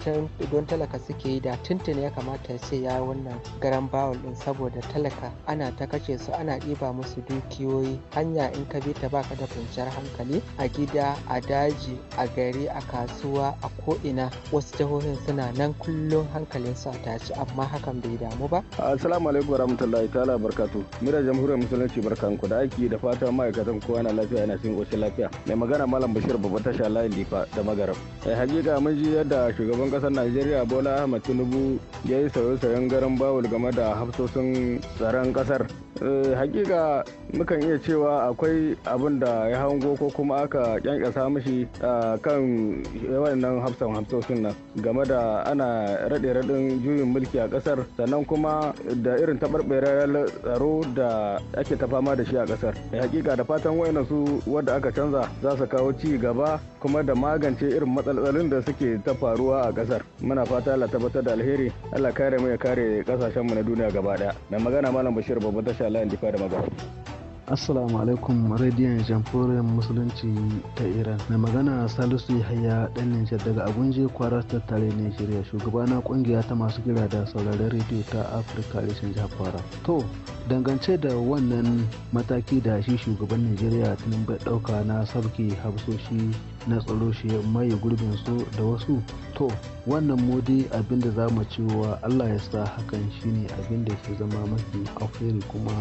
don talaka suke yi da tuntun ya kamata ya ce ya yi wannan garan bawul din saboda talaka ana ta kashe su ana ɗiba musu dukiyoyi hanya in ka bi ta baka da kwanciyar hankali a gida a daji a gari a kasuwa a ko ina wasu jihohin suna nan kullum hankalin su a tashi amma hakan bai damu ba assalamu alaikum warahmatullahi ta'ala barkatu mira jamhuriyar musulunci barkanku da aiki da fatan ma'aikatan kowa na lafiya yana cikin ƙoshin lafiya mai magana malam bashir babu babbar tasha layin difa da magarab a hakika mun ji yadda shugaban ƙasar najeriya bola ahmad tinubu ya yi sauye-sauyen garin bawul game da hafsosin tsaron ƙasar eh, hakika mukan iya cewa akwai abin da ya hango ko kuma aka kyankyasa mishi kan wannan hafsan hafsoshin nan game da ana raɗe-raɗin juyin mulki a kasar sannan kuma da irin taɓarɓarar tsaro da ake ta fama da shi a kasar hakika da fatan wayannan su wadda aka canza za su kawo ci gaba ba kuma da magance irin matsalolin da suke ta faruwa a kasar muna fata Allah tabbatar da alheri Allah kare mu ya kare kasashen mu na duniya gaba daya mai magana malam Bashir babban tasha ya difa da magana Assalamu alaikum radiyon jamhuriyar musulunci ta Iran. na magana Salisu Yahaya dan Nijar daga Abunje kwara ta tare Nijeriya shugabana kungiya ta masu gira da sauraron rediyo ta Afirka Rishin Jafara. To, dangance da wannan mataki da shi shugaban Nijeriya tuni bai dauka na sabki hafsoshi na tsaro shi maye gurbin su da wasu to wannan mudi abinda za mu cewa allah ya sa hakan shine ne abinda ke zama mafi alheri kuma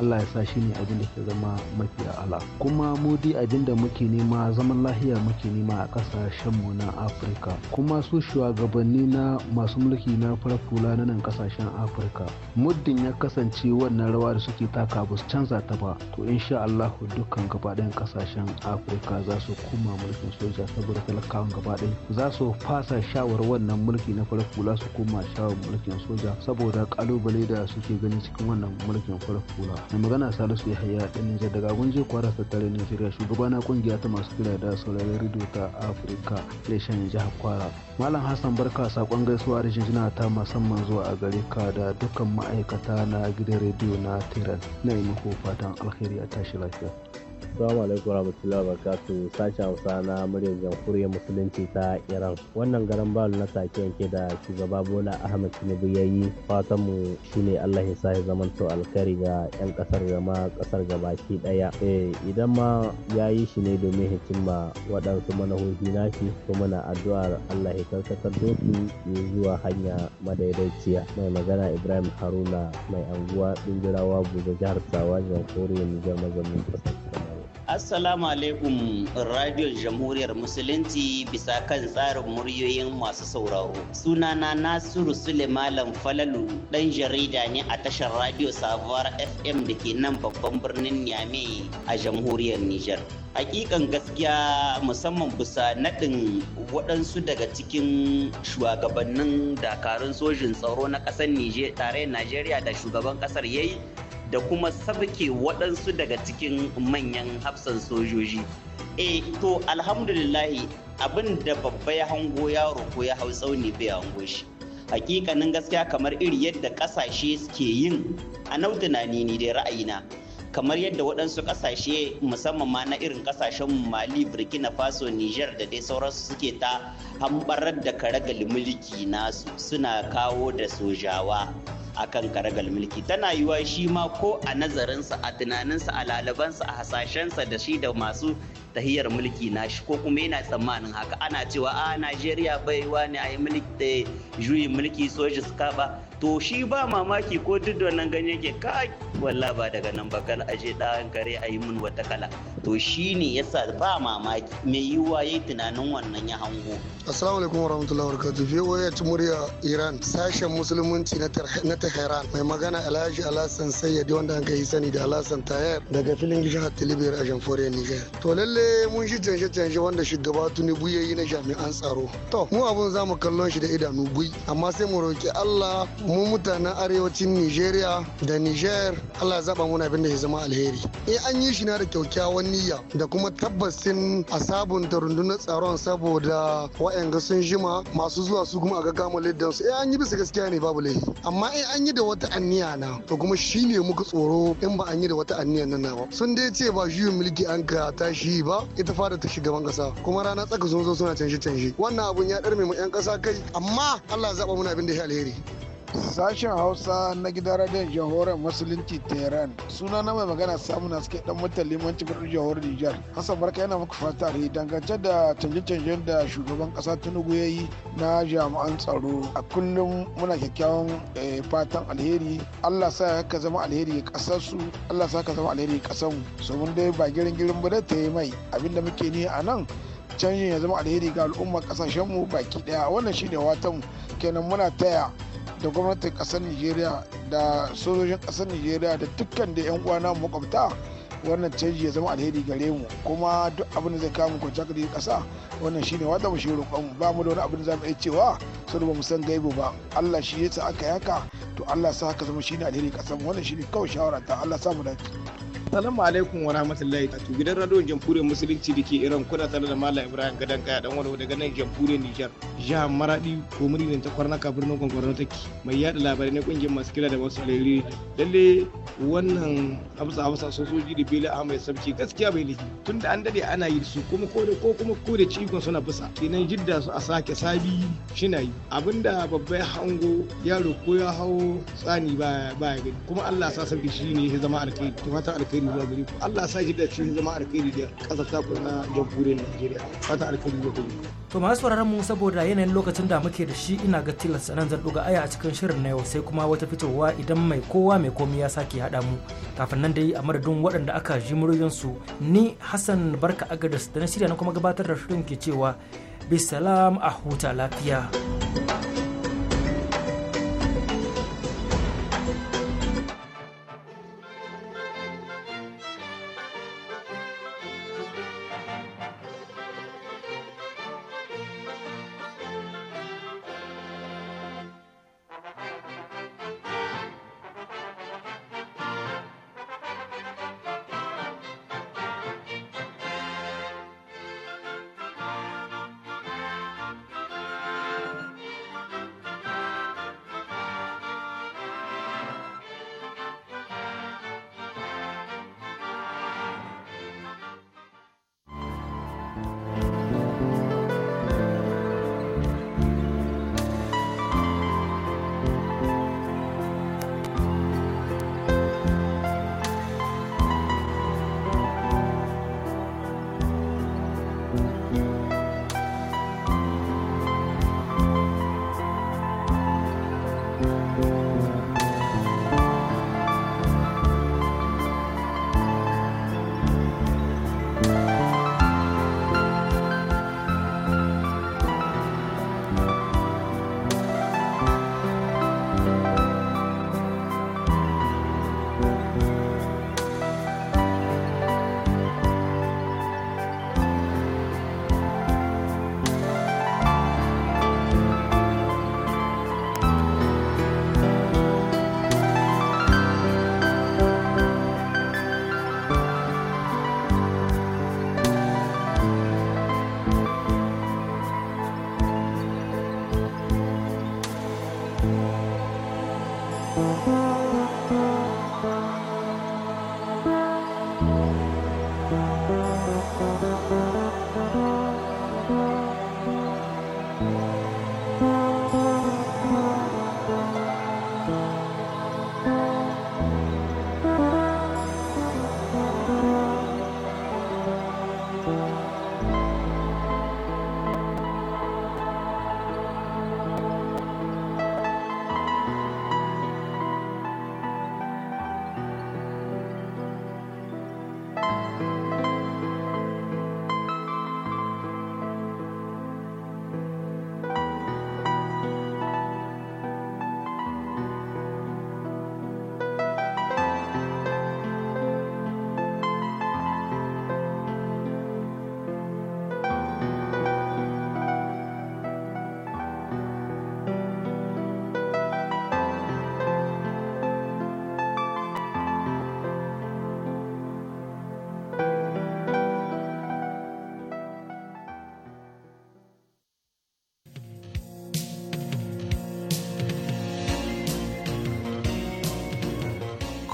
allah ya sa shine ne abinda ke zama mafi ala kuma modi abinda muke nema zaman lahiya muke nema a kasashen mu na afirka kuma su shugabanni na masu mulki na farafula na nan kasashen afirka muddin ya kasance wannan rawa da suke taka ba su canza ta ba to insha allahu dukkan gabaɗayan kasashen afirka za su koma mulki mulkin soja saboda talakawan gaba ɗaya za su fasa shawar wannan mulki na farko kula su koma shawar mulkin soja saboda kalubale da suke gani cikin wannan mulkin farko hula na magana salisu ya haya ɗan nijar daga gunje kwara nijeriya nigeria na kungiya ta masu kira da sauraron rediyo ta afirka reshen jihar kwara malam hassan barka sakon gaisuwa da jinjina ta musamman zuwa a gare ka da dukkan ma'aikata na gidan rediyo na tiran na yi muku fatan alheri a tashi lafiya Assalamu alaikum warahmatullahi wabarakatuh sashen Hausa na muryar jamhuriyar musulunci ta Iran. Wannan garan balu na sake yanke da shugaba Bola Ahmed Tinubu ya yi fatan mu shine Allah ya sa zaman zamanto alkhairi ga 'yan kasar da ma kasar gabaki daya. Eh idan ma ya yi shi ne domin hikima waɗansu manahohi nashi kuma na addu'ar Allah ya karkatar da su zuwa hanya madaidaiciya. Mai magana Ibrahim Haruna mai anguwa Dingirawa Buga jihar Sawa jamhuriyar Nijar mazamin kasar. Assalamu alaikum Radio Jamhuriyar Musulunci bisa kan tsarin muryoyin masu sauraro. Sunana Nasiru Malam Falalu ɗan jarida ne a tashar Radio Sabuwar FM da ke nan babban birnin Niamey a Jamhuriyar Nijar. hakikan gaskiya musamman bisa naɗin waɗansu daga cikin shugabannin dakarun sojin tsaro na ƙasar tare najeriya da shugaban ƙasar ya yi da kuma sabke waɗansu daga cikin manyan hafsan sojoji. E to alhamdulillahi abin da babba ya hango yaro ko ya hau tsauni bai hango shi. Hakikanin gaskiya kamar iri yadda ƙasashe suke yin a nau tunani ne da ra'ayina. kamar yadda waɗansu ƙasashe musamman ma na irin ƙasashen mali burkina faso niger da dai sauransu suke ta hambarar da kare mulki nasu suna kawo da sojawa akan karagal mulki tana yiwuwa shi ma ko a nazarinsa a tunaninsa a lalabansa a hasashensa da shi da masu tahiyar mulki na shi ko kuma yana tsammanin haka ana cewa a ah, najeriya baiwa ne a yi da eh, juyin mulki soja suka ba to shi ba mamaki ko duk da wannan ganyen ke kai walla ba daga nan ba kar aje an kare a yi min wata kala to shine yasa ba mamaki Me yiwa yayi tunanin wannan ya hango. Assalamu alaikum wa wabarakatuh wa barakatuh murya Iran sashen musulunci na Tehran mai magana Alhaji Alhassan Sayyadi wanda an kai sani da Alhassan Tayar daga filin jihar Tilibiyar a Jamforiyar Niger. To lalle mun shi canje canje wanda shugaba gaba ya na jami'an tsaro. To mu abun za mu kallon shi da idanu gui amma sai mu roki Allah mu mutanen arewacin nigeria da niger allah zaba muna abin da ya zama alheri in an yi shi na da kyakkyawan niyya da kuma tabbasin a sabunta rundunar tsaron saboda wa'yan sun jima masu zuwa su kuma a gaggama liddan su in eh, an yi bisa gaskiya ne babu laifi amma in an yi da wata anniya na to kuma shi ne muka tsoro in ba an yi da wata anniya nan ba sun dai ce ba juyin mulki an ka tashi ba ita fada ta shugaban kasa kuma rana tsaka sun zo suna canje canje wannan abun ya ɗarme mu 'yan ƙasa kai amma allah zaɓa muna abin da ya alheri Sashen Hausa na gida radiyon jamhuriyar Musulunci Tehran. Suna na mai magana samu na suke dan mutan limanci birnin jamhuriyar Nijar. Hassan Barka yana muku fata alheri dangance da canje-canjen da shugaban kasa Tinubu ya yi na jami'an tsaro. A kullum muna kyakkyawan eh, fatan alheri. Allah sa ka zama alheri ga kasar su. Allah sa ka zama alheri ga kasar mu. dai ba girin girin ba da ta yi mai. Abinda muke ni a nan canjin ya zama alheri ga al'ummar kasashen mu baki daya wannan shine watan kenan muna taya da gwamnatin kasar nigeria da sojojin kasar nigeria da dukkan da yan uwa uwana makwabta wannan canji ya zama alheri gare mu kuma duk abin da zai kamu ko jakar kasa wannan shine wata mu shi roƙon ba mu da wani abin da za mu iya cewa saboda ba mu san gaibu ba Allah shi sa aka yaka to Allah sa haka zama shine alheri kasan wannan shine kawai shawara ta Allah sa mu dace Assalamu alaikum wa rahmatullahi ta gidan radio jamhuriyar musulunci da ke Iran kuna tare da Malam Ibrahim Gadan Kaya dan wani daga nan jamhuriyar Nijar. Jihar Maradi ko muridin ta kwarnaka birnin Gwangwaro take mai yada labarai na kungiyar masu kira da wasu alheri. Lalle wannan hafsa hafsa sojoji da Bello Ahmed Sabci gaskiya bai liki da an dade ana yi su kuma ko da ko kuma ko da cikon suna bisa kenan jidda su a sake sabi shina yi abinda babbai hango yaro ko ya hawo tsani ba ya gani kuma Allah sa sabbi shine ya zama alkai to fata alkhairi zuwa ku Allah sa shi da cikin zama alkhairi da ƙasar ta na jamhuriyar Najeriya fata alkhairi zuwa gare to masu sauraron mu saboda yanayin lokacin da muke da shi ina ga tilas nan zan ɗuga aya a cikin shirin na yau sai kuma wata fitowa idan mai kowa mai komai ya sake haɗa mu kafin nan dai a madadin waɗanda aka ji muryoyinsu ni Hassan Barka Agadas da na shirya na kuma gabatar da shirin ke cewa bisalam a huta lafiya.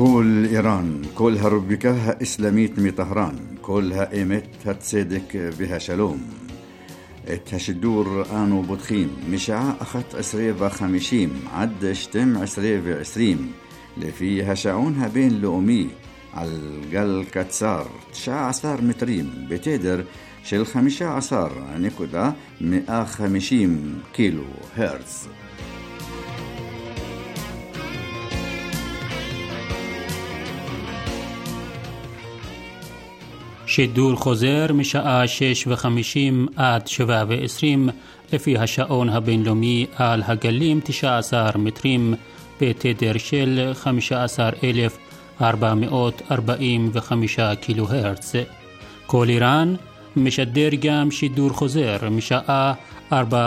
كل إيران كلها ربكها إسلاميت مي طهران كلها إيمت هتصدق بها شلوم الدور آنو بدخيم مشاع أخت عسرية وخمشيم عد شتم عسرية وعسريم لفي هشعونها بين لؤمي على الجل كتسار تشاع عصار متريم بتدر عصار 15 مئة خمشيم كيلو هرتز שידור חוזר משעה 6:50 עד 7:20 לפי השעון הבינלאומי על הגלים 19 מטרים בתדר של 15,445 קילו הרץ. כל איראן משדר גם שידור חוזר משעה 4